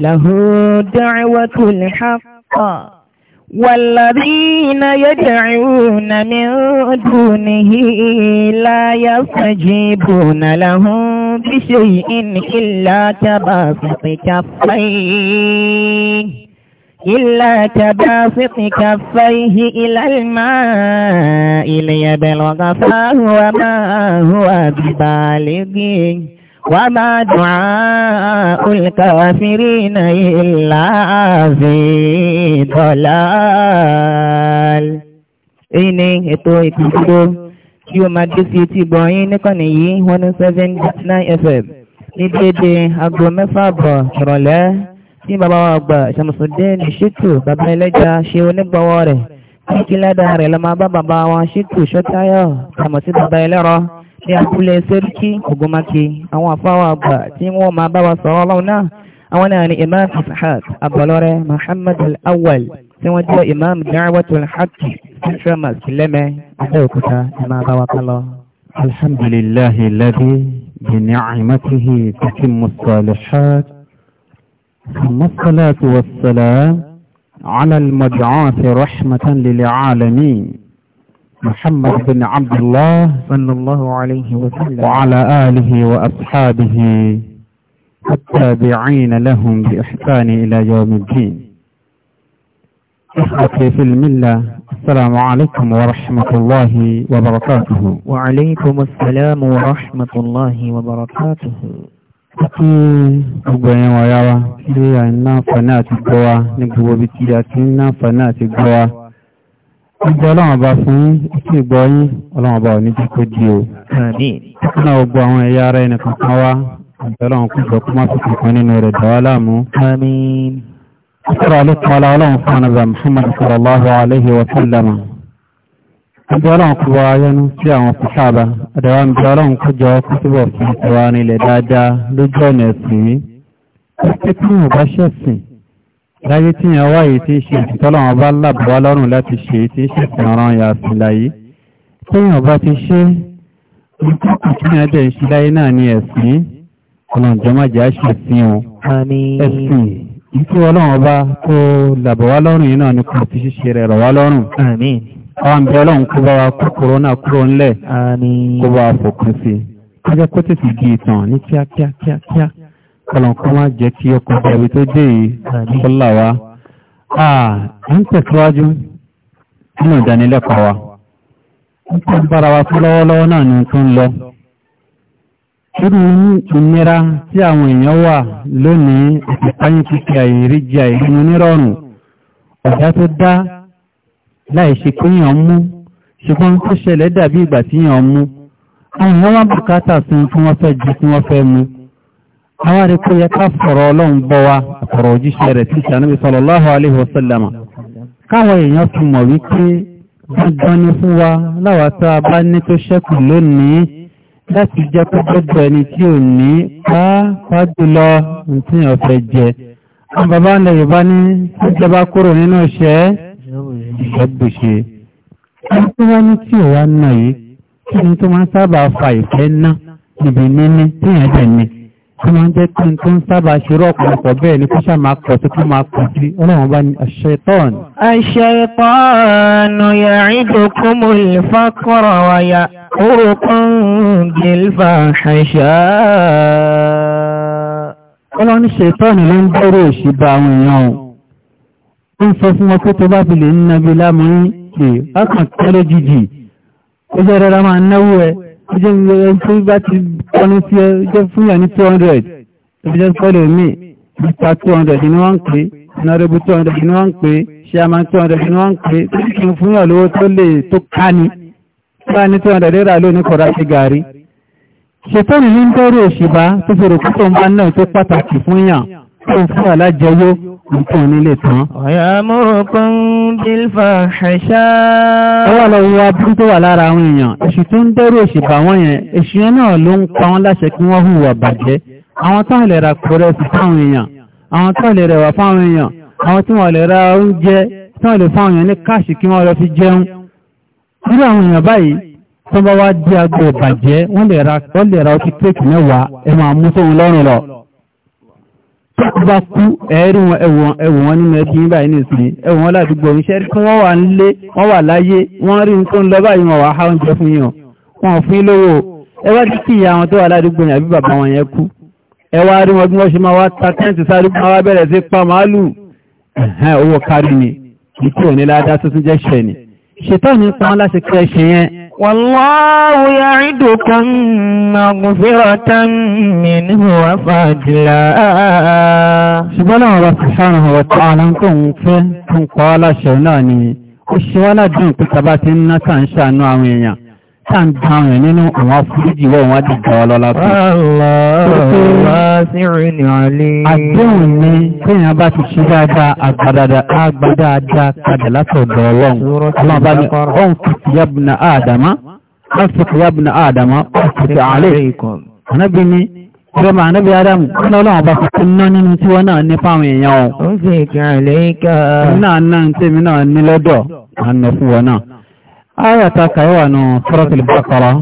له دعوة الحق والذين يدعون من دونه لا يستجيبون لهم بشيء إلا تباسط كفيه إلا تباسط كفيه إلى الماء ليبلغ فاه وما هو ببالغه Wa ma du'a'ul kafirina illa fi dalal. Èyí ni ètò ìpìlúgbò tí ó máa dé sí etí gbọ̀nyìn níkànnì yìí 107.9 FM ní dédé aago mẹ́fà bọ̀ ìrọ̀lẹ́ tí bàbá wa gbà ṣàmùsùndé ní ṣètò bàbá ẹlẹ́jà ṣe onígbọ̀wọ́ rẹ̀ kí kí lẹ́dà rẹ̀ lọ máa bá bàbá wa ṣètò ṣọ́táyọ̀ tàmọ̀ sí bàbá ẹlẹ́rọ ní abúlé sẹ́ríkí ògùnmáke àwọn àfáwà àgbà tí wọ́n máa bá wa sọ̀rọ̀ ọlọ́run náà àwọn náà ni imam ishaq abọlọ́rẹ́ muhammad al-awwal tí wọ́n jẹ́ imam da'watul haqqi central mosque lẹ́mẹ́ abẹ́òkúta ẹ máa bá wa kálọ. alhamdulillahi alladhi bi ni'matihi محمد بن عبد الله صلى الله عليه وسلم وعلى آله وأصحابه التابعين لهم بإحسان إلى يوم الدين إخوتي في الملة السلام عليكم ورحمة الله وبركاته وعليكم السلام ورحمة الله وبركاته Kí gbogbo ẹ̀yàn wà yára, kí a ń náà fà náà ti gbọ́ wa yara ki a n ti gbo wa ni gbogbo ti ti gbọ́ wa. Ìgbà ọlọ́run bá fún ìsìn ìgbọ́ yín, ọlọ́run bá òní jẹ́ kó di o. Ṣọ́nà gbogbo àwọn ẹ̀yà ara ẹni kankan wá, ọlọ́run kú jọ kó má fi kankan nínú rẹ̀ dáwà láàmú. Ìṣòro àlékún ọlá ọlọ́run fún ànàbà Muhammad sallallahu alayhi wa sallam. Ìgbà ọlọ́run kú wa sí àwọn fìṣàbà, àdàwà ń ọlọ́run kú jọ fún ìṣòro ànílẹ̀ dáadáa lójú ọ̀nà ẹ̀sìn yìí. Ó láyé tí yẹn wá yìí tí ń ṣe ìtọ́lọ̀wọ̀n bá lábàá lọ́rùn láti ṣe tí ń ṣe ìrànràn yàtì láyé téèyàn bá ti ṣe ìtọ́kùnkùn ẹ̀dẹ̀ ń ṣe láyé náà ní ẹ̀sìn ọlọ́njọ́májà ṣẹ̀sìn o ẹ̀sìn ìtú ọlọ́run bá kó làbọ̀ wá lọ́rùn yìí náà ní kò ti ṣíṣe rẹ̀ rọ̀ wá lọ́rùn àwọn àbí ọlọ́run kó bá wa kó kòrónà kúrò ńlẹ̀ kó bá wa fòkun sí i kájẹ́ kó tètè di ìtàn ní kíákíákíá kọlọ̀kọ́ máa jẹ́ kí ọkọ̀ ẹ̀bí tó dé yìí kọ́lá wa àà ń tẹ̀síwájú nínú ìdánilẹ́kọ̀ọ́ wa ń tẹ́ bára wa fún lọ́wọ́lọ́wọ́ náà ni tó ń lọ irú ìnira tí àwọn èèyàn wà lónìí ìpáyín kíkẹ́ àìrí jẹ àìrínú nírọ̀rùn ọ̀dá tó dá láìṣe pé yàn mú ṣùgbọ́n tó ṣẹlẹ̀ dàbí ìgbà tí yàn mú àwọn èèyàn wá bùkátà sí tí wọ́n fẹ́ jù tí wọ́n fẹ́ mu àwọn àríkú yẹ ká sọ̀rọ̀ ọlọ́run bọ́ wa sọ̀rọ̀ òjíṣẹ́ rẹ̀ tí sànúbi sallallahu alaihi wasallam káwọn èèyàn fi mọ̀ wípé dandan ni fún wa láwa tá a bá ní tó ṣẹ́kù lónìí láti jẹ́ kó gbọ́dọ̀ ẹni tí ò ní pàápàá jùlọ tí yàn fẹ́ jẹ àwọn bàbá ilẹ̀ Yorùbá ní tí ò wá ni tó máa tó máa ń jẹ́ kí n tó ń sábà ṣerọ́ ọ̀pọ̀lọpọ̀ bẹ́ẹ̀ ni kó ṣà máa pọ̀ sí kó máa pọ̀ sí ọlọ́run bá ní aṣẹ́tọ́n. aṣẹ́tọ́n ya'idukumul faqra wa ya'murukum bil fahsha. ọlọ́run ṣètọ́n ló ń bẹ̀rù òṣì bá àwọn èèyàn jẹ́ ẹni tó bá ti kọ́ni sí ẹ fún yà ní 200 ibi jẹ́ sọ́lẹ̀ mi mr 200 ni wọ́n ń pè nọ́rẹ́bù 200 ni wọ́n ń pè ṣíàmà 200 ni wọ́n ń pè tó kí n fún yà lówó tó lè tó káni káni 200 rírà lónìí kọ̀rọ̀ àti gàrí ṣètọ́nì ní ń tọ́rọ òṣìbá tó fòrò kúkọ̀ ń bá náà tó pàtàkì fún yà tó nǹkan onílé tán. ọ̀yà mọ́kàn bílfà ṣẹṣá. ọwọ́ lọ wọ abúrú tó wà lára àwọn èèyàn èṣù tó ń dẹ́rù èṣì wọ́n yẹn èṣù yẹn náà ló ń pa wọ́n láṣẹ kí wọ́n hùwà bàjẹ́ àwọn tó lè ra kọrẹ lè ra oúnjẹ tó bá wá dé agbo lọ́rùn lọ tó bá kú ẹ̀rí wọn ẹ̀wọ̀n wọn nínú ẹ̀kí ń báyìí nìsìn ẹ̀wọ̀n ládùúgbò iṣẹ́ rí fún wọ́n wà nílé wọ́n wà láyé wọ́n rí nǹkan lọ báyìí wọ́n wà á oúnjẹ fún yàn wọ́n fún lówó ẹwà tí kí tó wà pa màálù owó kárí ni ikú ni ṣètọ́ ní pa wọn láṣẹ kí ẹ ṣe والله يعدكم مغفرة منه وفضلا ṣùgbọ́n ọ̀rọ̀ subhanahu wa ta'ala tó ń fẹ́ tó ń kọ́ aláṣẹ náà ni ó ṣe wá ládùn pípa bá ti ń ná tàà ń ṣàánú àwọn èèyàn tàn dáhùn nínú àwọn fúrújì wọ́n wọ́n dìgbà ọlọ́lá tó. Àdéhùn ni kéèyàn bá ti ṣe dáadáa agbádáadáa padà látọ̀dọ̀ ọlọ́run. Ọlọ́run bá ní ọ̀hún kìtì yábùnà àdàmá, ọ̀fìkì yábùnà àdàmá, ọ̀fìkì àlẹ́. Ànábì ni Ìjọba ànábì Ádámù, ọ̀nà ọlọ́run bá fi kún náà nínú tí wọ́n náà ní fáwọn èèyàn ọ̀. Ó sì kí àlẹ́ ìkà. Náà náà ń tèmi náà ní lọ́dọ̀, àná fún wọn náà. Aya ta kàí wà nù Suratul Baqara.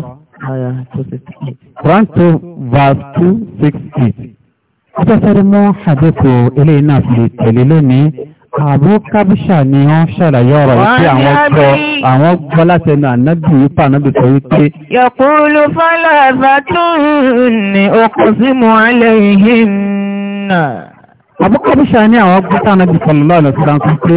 Quran 2 verse 268. Afẹ́fẹ́rẹ́ mọ́ hadithu ilé iná fi tẹ̀lé lónìí. Àbú Kábíṣà ni wọ́n ṣàlàyé ọ̀rọ̀ wípé àwọn gbọ́ àwọn gbọ́ láti ẹnu ànábì wípà náà bìtọ̀ wípé. Yaqulu falafa tunni uqsimu alayhinna. Àbú Kábíṣà ni àwọn gbọ́ tánàbì sallallahu alaihi wasallam pé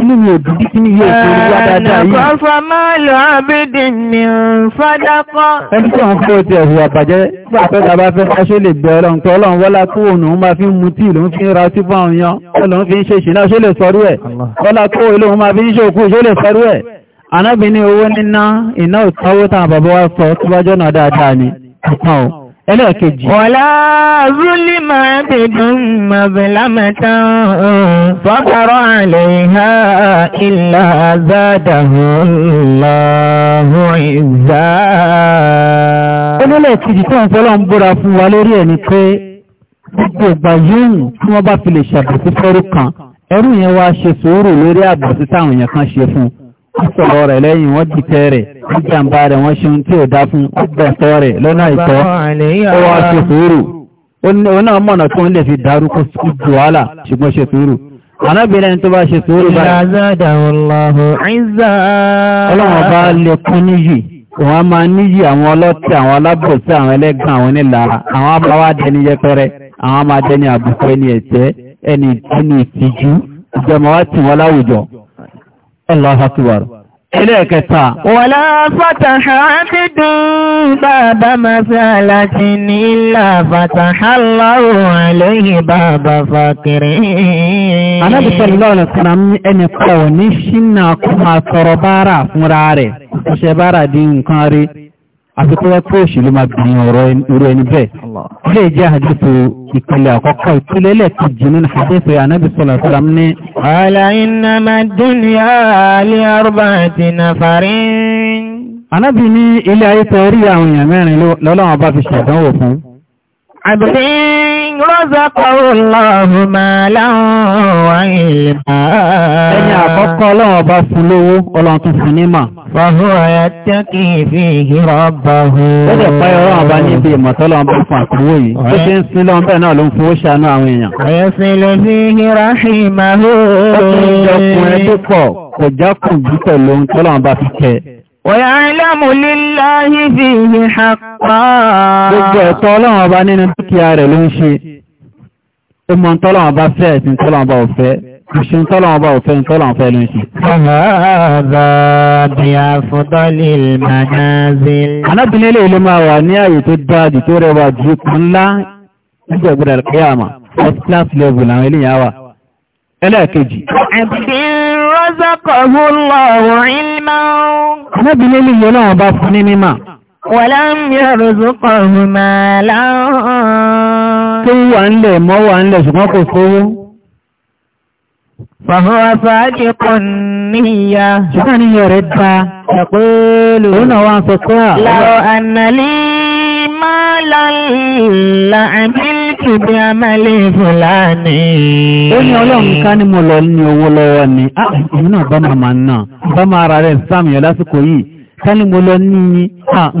inú mi ò dùn kí ní yóò tó rí wá dáadáa yìí. ẹnìkan fa máa lọ àbídì ní fádákọ́. ẹni tí wọ́n fẹ́ ti ẹ̀hùn àbàjẹ́ gbà pé tàbá fẹ́ fáṣẹ́ lè gbẹ ọlọ́run tó ọlọ́run wọ́lá tó ònà máa fi ń mu tí ìlú fi ń ra ọtí fún àwọn èèyàn ọlọ́run fi ń ṣe ìṣìnà ṣó lè sọrú ẹ̀ wọ́lá tó ìlú máa fi ń ṣe òkú ṣó lè sọrú ẹ̀ anábìnrin owó níná iná ìtawó táwọn bàbá wa sọ tó bá jọ́nà dáadáa ni ẹlẹ́ẹ̀kejì. Wọ̀lá rúlì máa ti dùn mọ̀bìlá mẹ́ta fọ́kọ̀rọ̀ àlẹ́ ìhá ìlà àzádàhùnláhùn ìzá. Onílẹ̀ kejì tó ń fọ́lọ́ ń búra fún wa lórí ẹ̀ ni pé gbogbo ìgbà yóò tí wọ́n bá fi lè ṣàbòsí fẹ́rú kan, ẹrú yẹn wá ṣe sùúrù lórí àbòsí táwọn yẹn kan ṣe fún un sọ̀rọ̀ rẹ̀ lẹ́yìn wọ́n jìtẹ́ rẹ̀ wọ́n jàǹbá rẹ̀ wọ́n ṣe tí ó dá fún ọgbẹ̀sọ́ rẹ̀ lọ́nà ìtọ́ ó wá ṣe sùúrù ó náà mọ̀nà tó ń lè fi dárúkọ jù wálà ṣùgbọ́n ṣe sùúrù anábìnrin tó bá ṣe sùúrù báyìí wọ́n máa níyì àwọn ọlọ́tí àwọn alábòsí àwọn ẹlẹ́gbọ́n àwọn nílára àwọn abáwá dẹni yẹpẹrẹ àwọn máa dẹni Allahu Akbar ẹlẹ́ẹ̀kẹta. Wọ̀lá fàtàhà ti dùn bàbá masàlá ti ní ilá fàtàhà lọ́rùn àlẹ́yìn bàbá fàkìrì. Alábìsọ̀lọ́ ọ̀nà kan ní ẹni kọ̀ ní ṣínà kó máa bára fúnra rẹ̀, ọ̀ṣẹ̀ bára di nǹkan rí àti tó wá tó òṣèlú máa bìyàn ọ̀rọ̀ irú ẹni bẹ́ẹ̀. ilé jẹ́ àdìsù ìpínlẹ̀ àkọ́kọ́ ìpínlẹ̀ ẹlẹ́kejì nínú àdìsù ànábì sọ̀rọ̀ sọ̀rọ̀ ní. ọ̀la iná máa dún ní àlẹ́ ọ̀rọ̀bà àti nàfàrí razaqallahu malan wa ilma. Ẹni àkọ́kọ́ ọlọ́run ọba fún lówó, ọlọ́run tún fún fihi rabbahu. Ó lè pẹ́ ọlọ́run ọba níbi ìmọ̀tọ́lọ́run bá fún àkúrò yìí. Ó ṣe ń rahimahu. Ó tún jẹ́ ọkùnrin tó pẹ̀lú ohun tọ́lọ́run bá fi kẹ́. Wàyàílámù líláhí fi ìhì àpá. Gbogbo ẹ̀tọ́ ọlọ́run ọba nínú dúkìá rẹ̀ ló ń ṣe. Ó mọ tọ́lọ́run ọba fẹ́ ẹ̀sìn tọ́lọ́run ọba ọ̀fẹ́. Ìṣun tọ́lọ́run ọba ọ̀fẹ́ tọ́lọ́run ọfẹ́ ló ń ṣe. Ọ̀gá bí a fún tọ́lì manazil. Anábìnrin ilé ìlú máa wà ní ààyè tó dáadì tó rẹwà jù kan ńlá nígbà ìgbàlẹ̀ kíyàmà. First class level àwọn eléyàn wà. Ẹlẹ́ẹ̀kejì. Ẹ̀bí razaqahu Allahu ilman. Anábìnrin lè yẹ náà bá fún ní mímọ̀. Walam yarzuqahu malan. Tó wà ń lẹ̀ mọ́ wà ń lẹ̀ ṣùgbọ́n kò sówó. Fàhọ́wà fàájì kan níyà. Ṣùgbọ́n ni yẹ̀ rẹ̀ ta. Ṣàpẹ́lú. Ó náà wá ń sọ ah, tù bí a máa lè fúlàní. ó ní ọlọ́run ká ní mo lọ ní owó lọ́wọ́ ni àmì náà bá máa náà bá máa ra rẹ̀ sáàmì ọ̀ lásìkò yìí ká ní mo lọ ní ní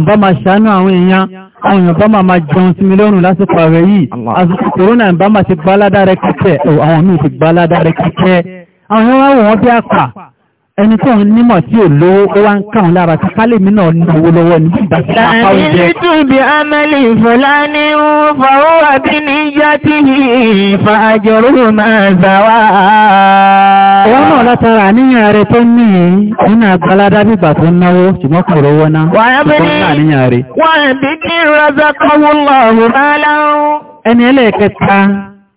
bá máa ṣàánú àwọn èèyàn àwọn èèyàn bá máa máa jẹun sí mi lọ́rùn lásìkò rẹ̀ yìí àsìkò kòrónà bá máa ti gbá ládàá rẹ̀ kíkẹ́ àwọn míì ti gbá ládàá rẹ̀ kíkẹ́ àwọn èèyàn wá wọ́n bí àpà ẹni tó ń nímọ̀ tí ò lówó ó wá ń káwọn lára kápálẹ̀ mi náà náwó lọ́wọ́ ní ìgbà tí a pa oúnjẹ. láàrin túbí amẹ́lì ìfọ̀lá ní fọwọ́ àbí ní yá tí ìfà àjọrò máa zàwà. ọwọ́ náà látara àníyàn rẹ tó ní nínú agbálada bíbà tó náwó ṣùgbọ́n kò rówó náà ṣùgbọ́n ní àníyàn rẹ. wọ́n bí kí razaqahu Allahu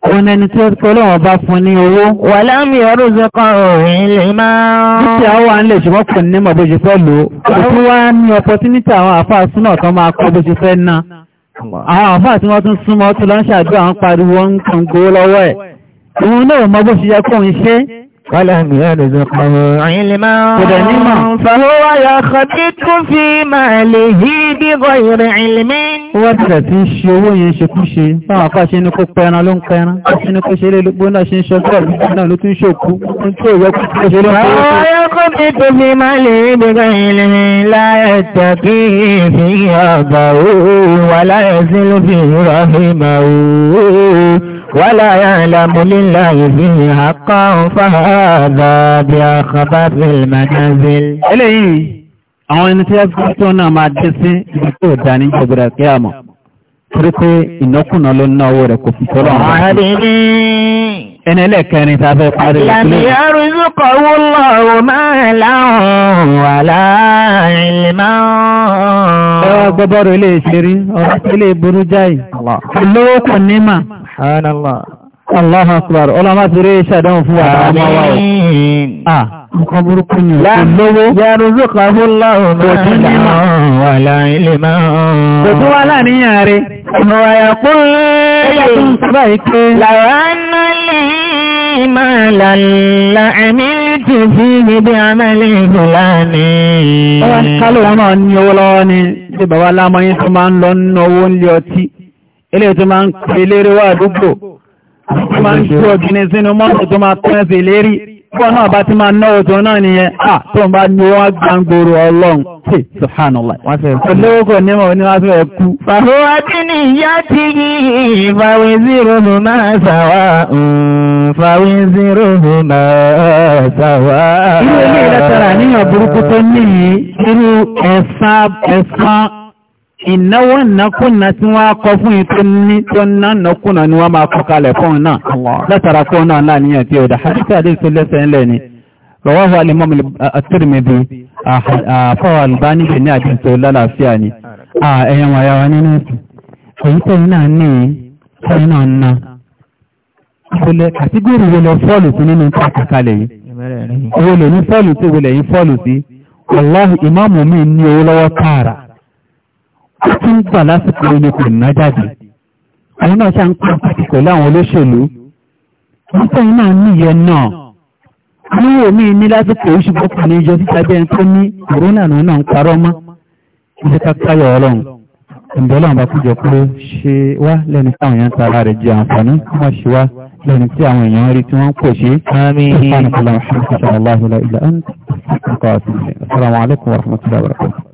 Òun ẹni tí ó tọ́lọ́wọ́ bá fún ní owó. Wà láàmì ọdún zọkọ̀ òun lè máa. Títí àwọn àńlẹ̀ ṣùgbọ́n kò ní mọ̀ bó ṣe fẹ́ lò. Òkú wá ní ọpọtínítà àwọn àfáà súnà kan máa kọ́ bó ṣe fẹ́ ná. Àwọn àfáà tí wọ́n tún súnmọ́ tó lọ́n ṣàdúrà ń pariwo ń kàn gbówó lọ́wọ́ ẹ̀. Òun náà mọ bó ṣe yẹ kóun ṣe é. ولم يرزقه علما فهو يخطط في ماله بغير علم wọ́n tẹ̀rẹ̀ tí ń ṣe owó yẹn ṣe kú ṣe fáwọn apá ṣe ní kó pẹran ló ń pẹran ṣe ní kó ṣe lé gbogbo náà ṣe ń ṣọ́gbọ́ náà ló tún ṣòkú ń tó ìwọ́ kú tó ṣe ló ń pẹ̀lú. àwọn ẹ̀kọ́ mi tó fi máa lè rí gbogbo ilẹ̀ láyẹ̀ tàbí ìfìyà àgbà ó wà láyẹ̀ sí ló fi ìrọ̀ àfihàn ó. ولا يعلم لله فيه حقا فهذا بأخبار المنازل إليه àwọn ẹni tí a fi tó náà máa dé sí ibi tó dá ní ìjọba kí a mọ̀ ìnákùnà ló ń náwó rẹ̀ kò fi tọ́lọ̀ àwọn àdìrí ẹni ẹlẹ́kẹrin ta fẹ́ parí rẹ̀ sílẹ̀. ìyàmì arúzúkọ̀ owó lọ́rọ̀ máa láwọn wà láàrínlẹ́mọ́. ẹwà gbọ́bọ́rọ̀ ilé ìṣeré ọ̀rọ̀ ilé burú jáì olóòkù nímà. Allahu akbar ọlọ́mà ti rí ṣàdánwò fún àwọn ọmọ wa ọ̀. Ah, لعملت فيه بعمل فلاني kálò wọn náà ní owó lọ́wọ́ ní bí bàbá lámọ́yí tó máa ń lọ nínú owó ń lé ọtí ilé tó máa ń pè lérí wà àdúgbò tó máa ń gbọ́ gíní sínú mọ́tò Bọ́ náà bá ti máa náwó tó náà nìyẹn, à tó ń bá ní wọ́n gbangboro ọlọ́run, tí Subhanallah. Wọ́n fẹ́ kú. Olówó kò ní mọ̀ ní wọ́n fẹ́ kú. Fàhó Adínì yá ti yí ìfàwé zero nù náà sàwá, ìfàwé mm, zero nù náà sàwá. Irú ilé ìlẹ́tara níyàn burúkú tó níyìí, irú ìnáwó ìnákúnná tí wọ́n á kọ fún ìtò ní tó ná nàkúnná ni wọ́n máa kọ kalẹ̀ fún náà látara kó náà láàníyàn tí ó dá hadith àdíṣù lẹ́sẹ̀ ńlẹ̀ ni rawahu al-imam at-Tirmidhi àfọwà Albani ní àdíṣù lálàáfíà ni ẹ̀yàn wà yàwá nínú ẹ̀sìn èyí tẹ̀yìn náà ní tẹ̀yìn náà ná ìpínlẹ̀ kàtígórì wo lọ fọ́ọ̀lù sí nínú tí ń gbà lásìkò ilé kò ná jáde àwọn náà ṣe ń pa pàtàkì láwọn olóṣèlú wọ́n tẹ́yìn náà níyẹn náà ní omi ní lásìkò oṣù bọ́kà ní ìjọ títa bẹ́ẹ̀ tó ní kòrónà náà náà ń parọ́ mọ́ ilé kákáyọ̀ ọlọ́run ǹjẹ́ ọlọ́run bá kújọ pé ṣe wá lẹ́ni táwọn èèyàn tara rẹ̀ jẹ àǹfààní kí wọ́n ṣe wá lẹ́ni tí àwọn èèyàn rí tí wọ́n pò ṣe. Assalamu alaikum warahmatullahi wabarakatuh.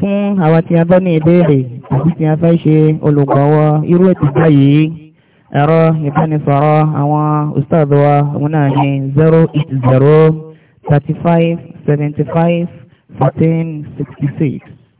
fún àwọn tí a bọ́ ní ìbéèrè àti tí a fẹ́ ṣe olùgbọ́wọ́ irú ètò báyìí ẹ̀rọ ìbánisọ̀rọ̀ àwọn ustaz wa òun náà ní 080 35 75 14 66